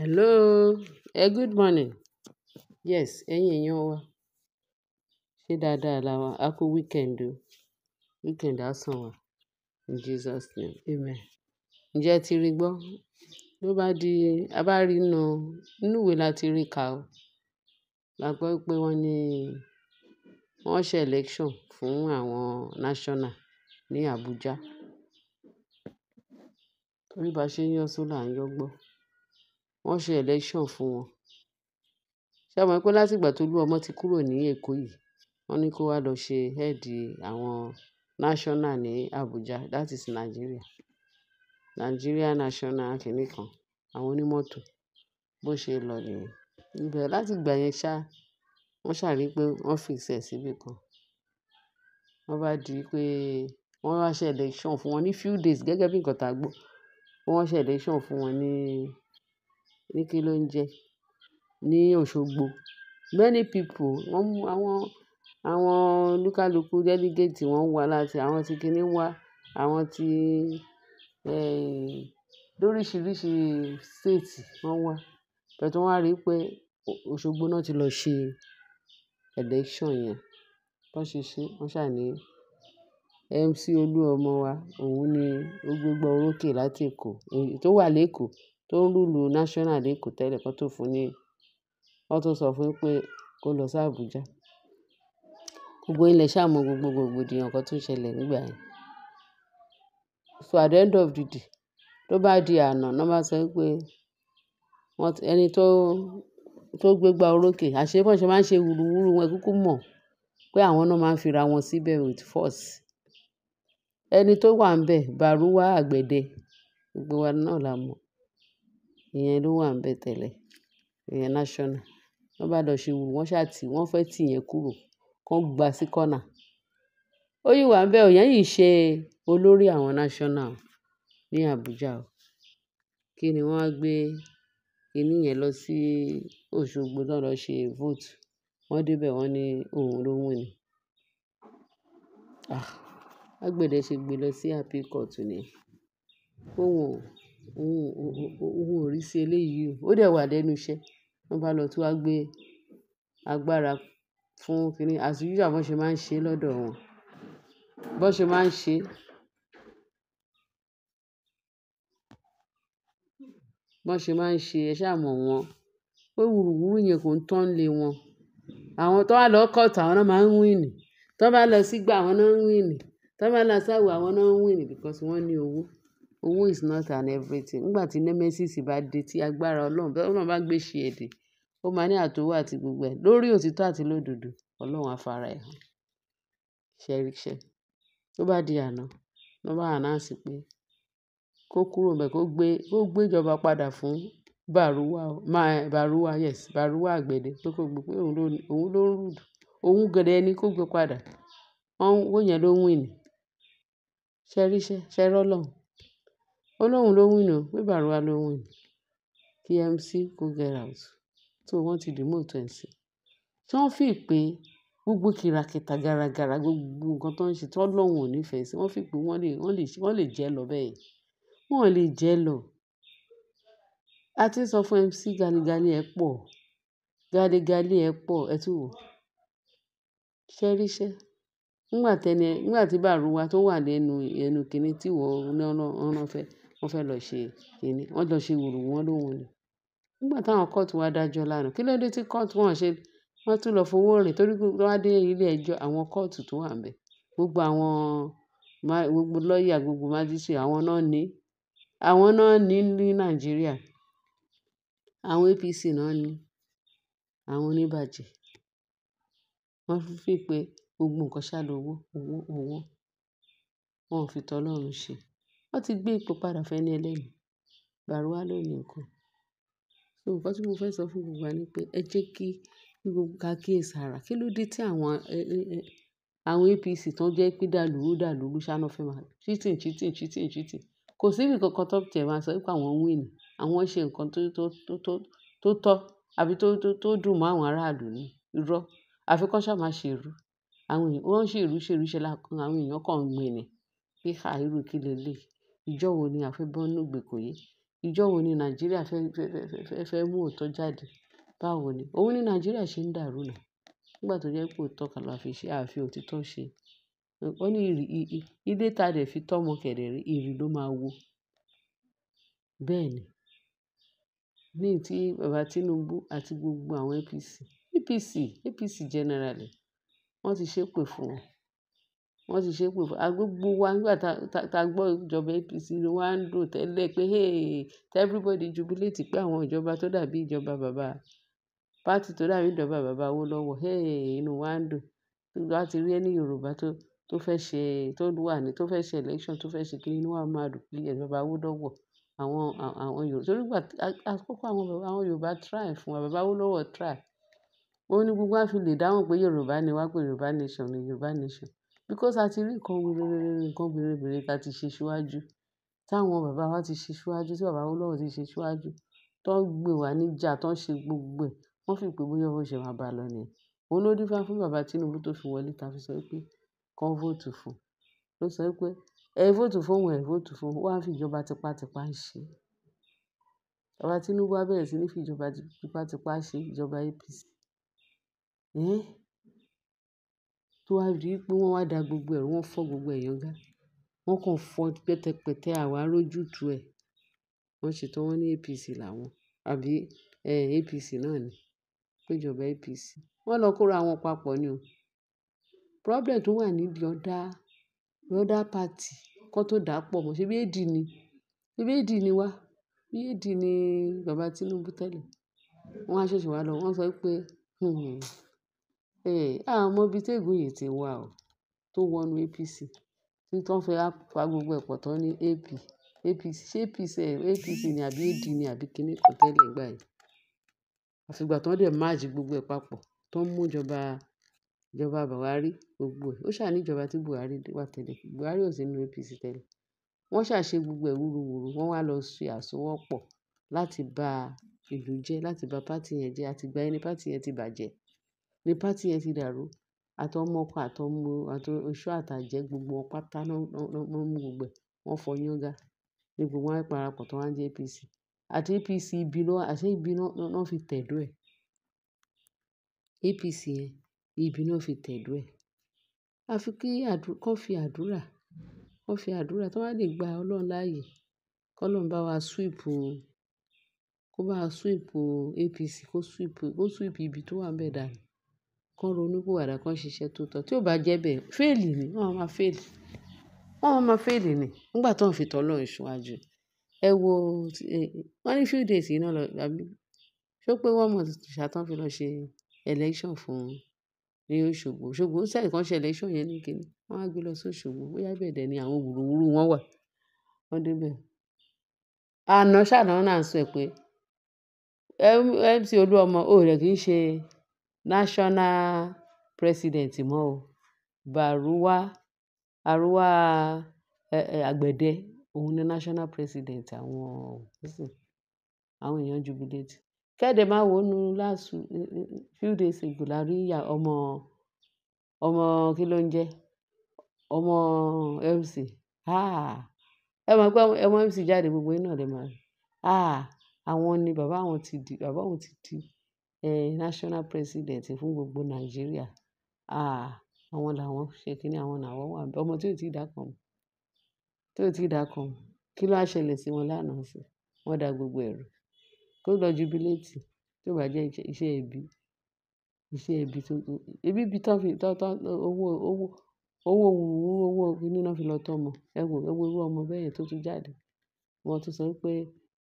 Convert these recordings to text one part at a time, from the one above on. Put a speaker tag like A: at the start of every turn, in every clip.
A: Hello, ẹ eh, good morning. Yes, ẹ̀yin èèyàn wa. Ṣé dáadáa la wà? A weekend o. Weekend asanwa In Jesus name, amen. Ǹjẹ́ ẹ ti rí gbọ́? Ló bá di, a bá inú, ìwé la rí ka o. La gbọ́ pé wọ́n ní wọ́n ṣe election fún àwọn national ní Abuja. Torí bá ṣe ń yọ́ ṣó ń yọ́ gbọ́ wọ́n ṣe election fún wọn. Ṣé o mọ̀ pé láti ìgbà tí Olúọmọ ti kúrò ní Èkó yìí, wọ́n ní kó wá lọ ṣe head àwọn national ní Abuja, that is Nigeria. Nigeria National kìíní kan, àwọn onímọ́tò bó ṣe lọ nìyẹn. Ibẹ̀ láti ìgbà yẹn ṣá, wọ́n ṣà rí pé wọ́n fix ẹ̀ síbí kan. Wọ́n bá di pé wọ́n wá ṣe election fún wọn ní few days gẹ́gẹ́ bí nǹkan tá a gbọ́. Wọ́n ṣe election fún wọn ní Wike ló ń jẹ ní Òṣogbo. Many people, wọ́n mú àwọn, àwọn olúkalùkù delegate wọ́n wá láti àwọn tí kíní wá, àwọn tí, eh, lóríṣiríṣi state wọ́n wá. But wọ́n wá rí pé Òṣogbo náà ti lọ ṣe election yẹn. Bó ṣe ṣe, wọ́n ṣà ní MC Olúọmọ wa, òun ni ó gbégbá orókè láti Èkó, tó wà lékòó tó ń rúùlù national lẹkọọ tẹlẹ kó tóó fún un ní wọn tún sọ fún un pé kó lọ sí àbújá gbogbo ilẹ̀ ṣàmọ gbogbo rògbòdìyàn kan tó ṣẹlẹ̀ nígbà yẹn so at the end of the day tó bá di àná ná bá sọ pé ẹni tó tó gbégbá orókè àṣebọ́n ṣe máa ń ṣe wùrúwúrú wọn kúkú mọ̀ pé àwọn náà máa ń fira wọn síbẹ̀ with force ẹni tó wà ń bẹ̀ bàrúwá àgbẹ̀dẹ gbogbo wa náà la mọ̀ ìyẹn ló wà níbẹ̀ tẹ́lẹ̀, ìyẹn national. Wọ́n bá lọ ṣe wò, wọ́n ṣà ti, wọ́n fẹ́ tì yẹn kúrò, kán gba sí corner. Ó yí wà níbẹ̀, ìyẹn yìí ṣe olórí àwọn national ní Abuja o. Kí ni wọ́n á gbé kiní yẹn lọ sí Osogbo tán lọ ṣe vote. Wọ́n dé wọ́n ní òun ló win ni. Ah! Bágbẹ̀dẹ ṣe gbe lọ sí appeal court nìyẹn. Kó o owó ò rí sí eléyìí o. Ó dẹ̀ wà lẹ́nu iṣẹ́. Wọ́n bá lọ tún wá gbé agbára fún kíni. As usual bọ́n ṣe máa ń ṣe lọ́dọ̀ wọn. Bọ́n ṣe máa ń ṣe. Bọ́n ṣe máa ń ṣe, ẹ ṣá mọ̀ wọ́n. Pé wùrùwùru yẹn kò ń tán lé wọn. Àwọn tó bá lọ court àwọn náà máa ń win. Tó bá lọ sígbà àwọn náà ń win. Tó bá lọ sáwo àwọn náà ń win because wọ́n ní owó. Owó is not an everything. Nígbà tí nemesis bá dé tí agbára Ọlọ́run, bí Ọlọ́run bá gbé ṣe èdè, ó máa ní àtowó àti gbogbo ẹ̀. Lórí òtítọ́ àti lódodo, Ọlọ́run á fara ẹ hàn. Ṣẹ̀ríṣẹ́. Tó bá di àná, ló bá announce pé kó kúrò níbẹ̀, kó gbé, kó gbé ìjọba padà fún Bárúwá, máa, Bárúwá, yes, Bárúwá Àgbẹ̀dẹ pé kó gbé, pé òun ló, òun ló ń rule. Òun gẹdẹ ni kó gbé padà. Wọ́n, owó yẹn ló win. Ṣẹ̀ríṣẹ́, ṣẹ̀rọ́ Ọlọ́run ó lóun ló wíìnì o pé Bárúwá ló wíìnì kí go get out so wọ́n ti demote ẹ̀ sí ṣé wọ́n fi pé gbogbo kìràkìtà gàràgàrà gbogbo nǹkan tó ń ṣe tí wọ́n lóun ò nífẹ̀ẹ́ sí wọ́n fi pé wọ́n lè wọ́n lè wọ́n lè jẹ́ lọ bẹ́ẹ̀ wọ́n lè jẹ́ lọ a ti ń sọ fún mc galigali ẹ̀ pọ̀ galigali ẹ̀ pọ̀ ẹ̀ tún wò ṣẹ́ríṣẹ́ nígbà tẹni nígbà tí Bárúwá tó wà lẹ́nu ẹnu kìíní tí wọ́n ń rán fẹ́ wọ́n fẹ́ lọ ṣe kínní wọ́n lọ ṣe wùrù wọ́n lóhùn ni nígbà táwọn kóòtù wá dájọ́ lánàá kí ló dé tí kóòtù wọn ṣe wọ́n tún lọ fowó rìn torí wọ́n á dé ilé ẹjọ́ àwọn kóòtù tó wà ń bẹ̀ gbogbo àwọn gbogbo lọ́ọ̀yà gbogbo májísírì àwọn náà ní àwọn náà ní ní nàìjíríà àwọn apc náà ní àwọn oníbàjẹ́ wọ́n fi pé gbogbo nǹkan ṣá lówó owó owó wọn ò fi tọlọ́run ṣe Wọ́n ti gbé ipò padà fún ẹni ẹlẹ́ni. Bárúwá ló ni nǹkan. So nǹkan tí mo fẹ́ sọ fún gbogbo wa ni pé ẹ jẹ́ kí gbogbo ka kíyèsára. Kí ló dé tí àwọn, àwọn APC tó ń jẹ́ pé dàlúrú dàlúrú ṣá ná fẹ́ máa cheating, cheating, cheating, cheating. Kò sí ibi kankan tó tiẹ̀ máa sọ pé àwọn win. Àwọn ṣe nǹkan tó, tó, tó, tó, tó tọ́ àbí tó, tó, tó dùn mọ́ àwọn aráàlú ni. Irọ́. Àfi kọ́ ṣá máa ṣe irú. Àwọn èèyàn wọ́n ń ṣe irú, ṣe irú ṣe lákàn. Àwọn èèyàn kan ń gbin ni. Pé à kí lé lé. Ijọ́ wo ni a fẹ́ bọ́ nínú ìgbèkùn yìí? Ijọ́ wo ni Nàìjíríà fẹ́, fẹ́, fẹ́, fẹ́ mú òótọ́ jáde? Báwo ni? Òun ni Nàìjíríà ṣe ń dàrú now. Nígbà tó jẹ́ pé òótọ́ kan la fi ṣe, a fi òtítọ́ ṣe. Ó ní ìrì, ilé ta dẹ̀ fi tọ́ kẹ̀dẹ̀ re, ìrì ló máa wó. Bẹ́ẹ̀ ni. Ní tí bàbá Tinubu àti gbogbo àwọn APC, APC, APC generally wọ́n ti ṣépè fún wọn wọ́n ti ṣépè fún wa. Gbogbo wa nígbà tá a gbọ́ ìjọba APC ni wá ń dùn tẹ́lẹ̀ pé hey, everybody jubilate pé àwọn ìjọba tó dàbí ìjọba bàbá, party tó dàbí ìjọba bàbá Awólọ́wọ̀, hey, inú wa ń dùn. Nígbà tí rí ẹni Yorùbá tó, tó fẹ́ ṣe, tó wà ní, tó fẹ́ ṣe election, tó fẹ́ ṣe kíni, inú wa máa dùn pé yes bàbá Awólọ́wọ̀. Àwọn, àwọn Yorùbá, torí ìgbà àkọ́kọ́ àwọn bàbá, àwọn Yorùbá try fún wa, bàbá Awólọ́wọ̀ try. Ó ní gbogbo wa fi lè dáhùn pé Yorùbá ni wá pé Yorùbá nation ni Yorùbá nation. Because a ti rí nǹkan wérewere, nǹkan berebere ta ti ṣe síwájú, táwọn bàbá wa ti ṣe síwájú, tí bàbá Awólọ́wọ̀ ti ṣe síwájú, tó ń gbé wa níjà, tó ń ṣe gbogbo ẹ̀. Wọ́n fi pé bóyá bó ṣe máa bá lọ nìyẹn. Òun ló dífá fún bàbá Tinubu tó fi wọlé ta fi sọ pé kọ́n vote fún. Ló sọ pé ẹ vote fún òun, ẹ vote fún òun. Ó wá ń fi ìjọba tipátipá ń ṣe. Bàbá Tinubu á bẹ̀rẹ̀ sí ní fi ìjọba tipátipá ṣe ìjọba APC. Ẹ̀n tó wá di wípé wọ́n wá da gbogbo ẹ̀rù, wọ́n fọ́ gbogbo ẹ̀yán gá. Wọ́n kàn fọ́ pẹ́tẹpẹ́tẹ àwa rójútu ẹ̀. Wọ́n ṣe tán wọ́n ní APC làwọn, àbí ẹ́ APC náà ni, pé ìjọba APC. Wọ́n lọ kóra wọn papọ̀ ni o. Problem tó wà ní the other, the other party kan tó dà pọ̀ mọ́, ṣebí AD ni, ṣebí AD ni wá, bí AD ni bàbá Tinubu tẹ́lẹ̀. Wọ́n á ṣẹ̀ṣẹ̀ wá lọ, wọ́n sọ wípé, "Hmm." Eh, a mọ ibi tí ègún yìí ti wá o, tó wọnú APC. Tí tán fẹ́ á gbogbo ẹ̀ tán ní AP. APC, ṣé APC, APC ni àbí AD ni àbí kíni kan tẹ́lẹ̀ nígbà yẹn. Àfi ìgbà tán dẹ̀ merge gbogbo ẹ̀ papọ̀, tán mú ìjọba, ìjọba Buhari gbogbo ẹ̀. Ó ṣà ní ìjọba tí Buhari wà tẹ́lẹ̀. Buhari ò sí nínú APC tẹ́lẹ̀. Wọ́n ṣà gbogbo ẹ̀ wúruwùru, wọ́n wá lọ ṣe àsowọ́pọ̀ láti ba ìlú jẹ́, láti ba party yẹn jẹ́. Àti ìgbà yẹn ni party yẹn ti bàjẹ́ ni pátì yẹn ti dàrú. Àtọmọ ọkọ, àtọmọ, àtọ̀sọ́ àtàjẹ́ gbogbo wọn pátá náà wọ́n mú gbogbo ẹ̀, wọ́n fọ́ yángá. Ni gbogbo wọn wá parapọ̀ tán wá jẹ́ APC. Àti APC ibi náà, àṣé ibi náà náà fi tẹ̀dó ẹ̀. APC yẹn, ibi náà fi tẹ̀dó ẹ̀. A fi kí àdú-- kọ́ fi àdúrà, kọ́ fi àdúrà tí wọ́n bá lè gba Ọlọ́run láàyè. Kọ́ Ọlọ́run bá wa sweep, kó bá wa sweep APC, kó sweep, kó sweep ibi tó wà ń bẹ dànù. kán ronú pìwàdà, kán ṣiṣẹ́ tó tọ́. Tí ò bá jẹ́ bẹ́ẹ̀, ni, wọ́n máa ma Wọ́n máa ni nígbà tó ń fi wo, wọ́n few days lọ, àbí ṣé pé one month ṣá fi lọ ṣe election fún ní Òṣogbo. Òṣogbo ṣẹ̀ kan ṣe election yẹn ní wọ́n á gbé lọ sí Bóyá bẹ́ẹ̀ dẹ̀ ni àwọn wọn wà. Wọ́n Àná náà sọ pé MC national president mọ́ o Baruwa Aruwa Àgbẹ̀dẹ òun ni national president àwọn òkúsì àwọn èèyàn jubilate kẹ́ẹ̀dẹ̀ máa wò nu last few days ago la rí ọmọ ọmọ kí ló ń jẹ́ ọmọ MC ah! ẹ mọ̀ pé ọmọ MC jáde gbogbo iná rẹ̀ máa rí ah! àwọn ni bàbá àwọn ti di bàbá àwọn ti di eh, national president fún gbogbo Nàìjíríà. Ah! Àwọn làwọn ṣe kíni, àwọn làwọn wà níbẹ̀. Ọmọ tí ò tí ì dáko mọ̀, tí ò tí ì dáko mọ̀. Kí ló á ṣẹlẹ̀ sí wọn lánàá sì? Wọ́n da gbogbo ẹrú. Kó lọ jubileeti tí ó bá jẹ́ iṣẹ́ ẹbí, iṣẹ́ ẹbí tó, ẹbí bí tán fi, tán, tán, owó, owó, owó òun, owó kíni náà fi lọ tọ́mọ. Ẹ wò, ẹ wò irú ọmọ bẹ́ẹ̀ yẹn tó tún jáde. Wọn tún sọ pé,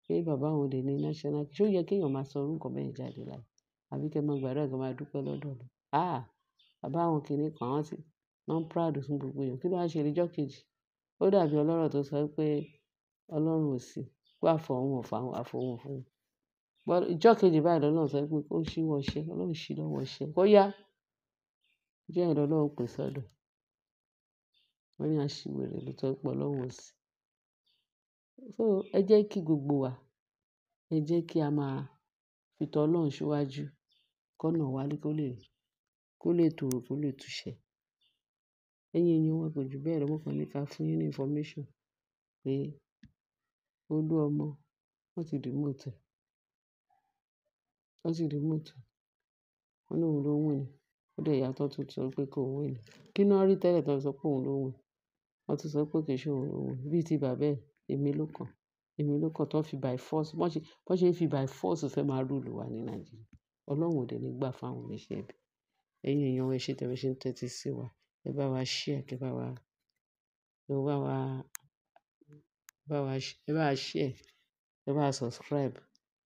A: pé bàbá òun dè ní national. Ṣé ó yẹ kí èèyàn máa sọ irú nǹkan bẹ́ẹ̀ jáde láyé? àbí kí ẹ máa gbàdúrà kí máa dúpẹ́ lọ́dọ̀ Ọlọ́run. Ah! Bàbá àwọn kìnní kan àwọn tí wọ́n proud fún gbogbo èèyàn. Kí ló wá ṣe ní ọjọ́ kejì? Ó dàbí ọlọ́rọ̀ tó sọ pé Ọlọ́run ò sí, pé àfọ̀hún ò fàhún, àfọ̀hún ò fọhùn. Ọjọ́ kejì báyìí lọ́lọ́run sọ pé kó ṣíwọ́ iṣẹ́, Ọlọ́run ṣí lọ́wọ́ iṣẹ́. Ó yá. Ọjọ́ yẹn lọ́lọ́run pè sọ́dọ̀. Wọ́n ní aṣiwèrè ló sọ pé Ọlọ́run ò sí. So ẹ jẹ́ kí gbogbo wa, ẹ jẹ́ kí a máa fi tọ Ọlọ́run síwájú kọ́nà wa kó lè, kó lè tòrò, kó lè túṣẹ́. Lẹ́yìn ìyẹn wọ́n kò ju bẹ́ẹ̀ lọ. Mo kàn ní ká fún yín ní information pé Olúọmọ wọ́n ti remote ẹ̀. Wọ́n ti remote ẹ̀. Wọ́n ní òun ló win ni. Ó dẹ̀ yà tán tún sọ pé kó win ni. Kí ni wọ́n rí tẹ́lẹ̀ tí wọ́n sọ pé òun ló win? Wọ́n tún sọ pé kì í ṣe òun ló win. Bíi ti bàbá ẹ̀, èmi ló kàn. Èmi ló kàn. Tán fi by force. Wọ́n ṣe, wọ́n ṣe ń fi by force fẹ́ máa rule wa ní Nàìjíríà. Ọlọ́run ò dẹ̀ ní gbà fáwọn oníṣẹ́ ibi. Ẹ̀yin èèyàn wa, ẹ ṣé tí ẹ ṣe ń tẹ́tí sí wa. Ẹ bá wa share, kí ẹ bá wa, kí ẹ bá wa, bá wa, ẹ bá wa share, ẹ bá wa subscribe,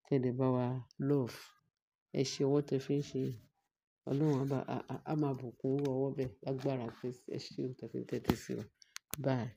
A: kí ẹ lè bá wa love. Ẹ ṣe ọwọ́ tẹ fi ń ṣe. Ọlọ́run á máa bùkún ọwọ́ bẹ́ẹ̀ lágbára Kristi. Ẹ ṣé tí ẹ fi ń tẹ́tí sí wa. Bye.